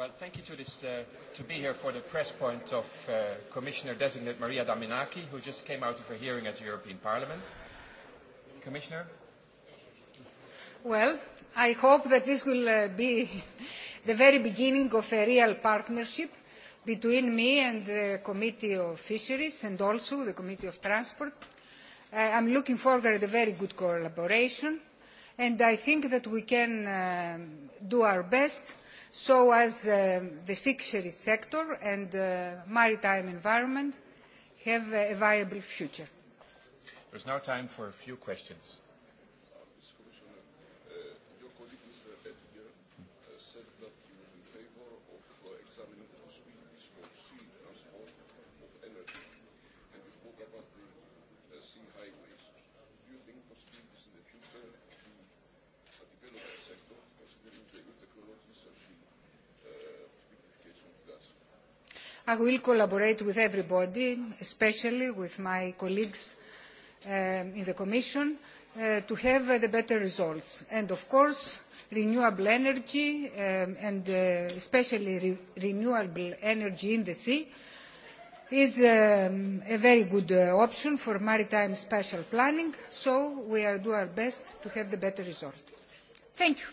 Well, thank you to this to be here for the press point of Commissioner Designate Maria Daminaki, who just came out of a hearing at the European Parliament. Commissioner. Well, I hope that this will be the very beginning of a real partnership between me and the Committee of Fisheries and also the Committee of Transport. Uh, I'm looking forward to a very good collaboration, and I think that we can do our best so as the fisheries sector and maritime environment have a viable future. There's now time for a few questions. I will collaborate with everybody, especially with my colleagues in the Commission, to have the better results. And of course, renewable energy, and especially renewable energy in the sea, is a very good option for maritime spatial planning, so we are do our best to have the better result. Thank you.